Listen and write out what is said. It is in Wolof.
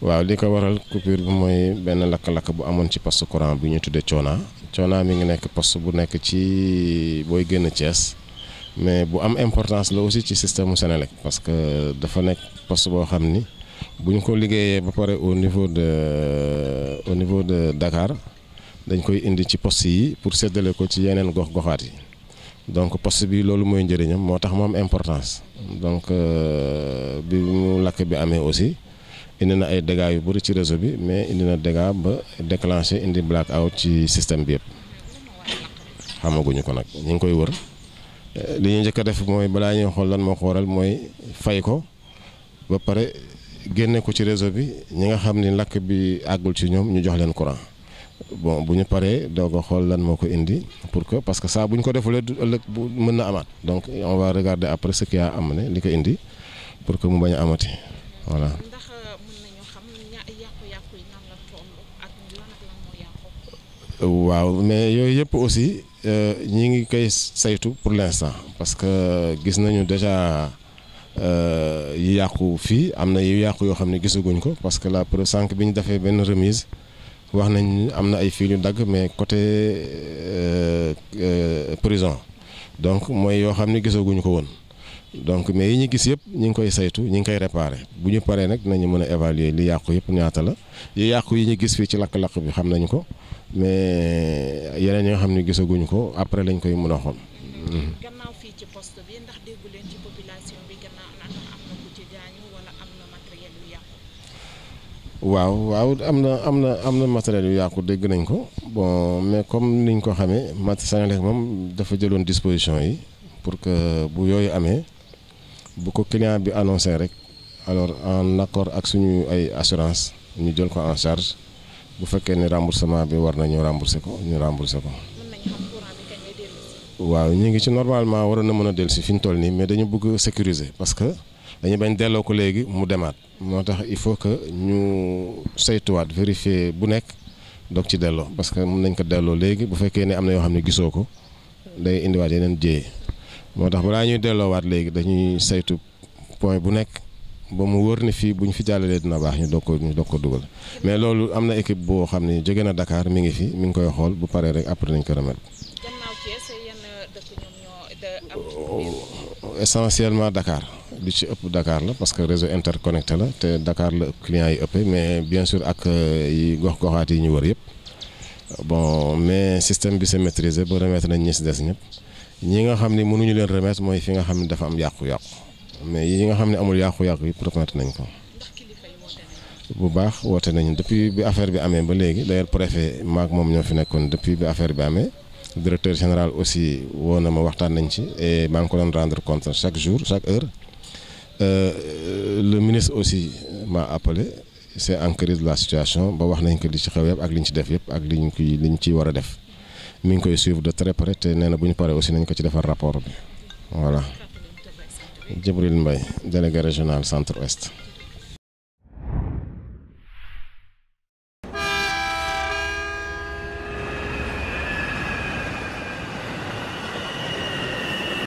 waaw li ko waral coupure bi mooy benn lakk-lakk bu amoon ci poste courant bi ñu tuddee Coona Coona mi ngi nekk poste bu nekk ci booy génn Thiès mais bu am importance la aussi ci système mu Sénélec parce que dafa nekk poste boo xam ni bu ñu ko liggéeyee ba pare au niveau de au niveau de Dakar dañ koy indi ci post yi pour séddale ko ci yeneen gox-goxaat yi. donc poste bi loolu mooy njëriñam moo tax mu am importance donc euh, bi mu lakk bi amee aussi indi na ay dégâts yu bëri ci réseau bi mais indi na dégâts ba déclenché indi blackout ci système bi yëpp xamaguñu ko nag ñu ngi koy wër eh, li ñu njëkk def mooy balaa ñuy xool lan moo ko waral mooy fay ko ba pare génne ko ci réseau bi ñi nga xam ni lakk bi àggul ci ñoom ñu jox leen courant bon bu ñu paree doog xool lan moo ko indi pour que parce que saa bu ñu ko defulee du ëllëg bu mën na amaat donc on va regarder après ce qui a ne li ko indi pour que mu bañ a voilà. waaw mais yooyu yëpp aussi euh, ñi ngi koy saytu pour l'instant parce que gis nañu déjà euh, yi yàqu fii am na yu yàqu yoo xam ne gisaguñ ko parce que la preuve sànq bi ñu defee benn remise wax nañ am na ay fii ñu dagg mais côté euh, prison donc mooy yoo xam ne gisaguñu ko woon donc mais yi ñu gis yëpp ñu ngi koy saytu ñu ngi koy réparé bu ñu paree nag nañu mën a évaluer li yàqu yëpp ñaata la yi yàqu yi ñu gis fii ci lakk-lakk bi xam nañu ko mais yeneen yi nga xam ne gisaguñu ko après lañ koy mën a xool. gannaaw waaw waaw am na am na am na matériel yu yàqu dégg nañ ko bon mais comme niñ ko xamee mat Senelec moom dafa jëloon disposition yi pour que bu yooyu amee. bu ko client bi annoncé rek alors en accord ak suñu ay assurance ñu jël ko en charge bu fekkee ni remboursement bi war nañu remboursé ko ñu remboursé ko. waaw ñu ngi ci normalement waroon na mën a dellu si fi ñu toll nii mais dañu bëgg sécuriser parce que dañu bañ delloo ko léegi mu demaat. moo tax il faut que ñu saytuwaat vérifier bu nekk doog ci delloo parce que mën nañ ko delloo léegi bu fekkee ne am na yoo xam ne gisoo ko day indiwaat yeneen jéeye. moo tax balaa ñuy delloowaat léegi dañuy saytu point bu nekk ba mu wóor ni fii bu ñu fi jàllalee dina baax ñu dog ko ñu doog ko dugal mais loolu am na équipe boo xam ne jóge na dakaar mi ngi fi mi ngi koy xool bu paree rek après nañ ko remettre. Euh, lu ci ëpp Dakar la parce que réseau interconnecté la te dakaar la client yi ëppee mais bien sûr ak euh, yi gox-goxaat yi ñu wër yëpp bon mais système bi c'est maîtrisé ba remettre nañ ñi si des ñëpp. ñi nga xam ne mënuñu leen remettre mooy fi nga xam ne dafa am yàqu-yàqu mais yi nga xam ne amul yàqu-yàqu yi remettre nañ ko bu baax woote nañu depuis bi affaire bi amee ba léegi d'ailleurs préfet maak moom ñoo fi nekkoon depuis bi affaire bi amee directeur général aussi woo na ma waxtaan nañ ci e maa ngi ko doon rendre compte chaque jour chaque heure euh, le ministre aussi m'a appelé c'est en crise la situation ba wax nañ ko li ci xew yëpp ak li ñu ci def yëpp ak li ñu ciy li ñu ciy war a def mi ngi koy suivre de très près te nee na bu ñu paree aussi nañ ko ci defar rapport bi voilà Djibril Mbaye délégué régional centre est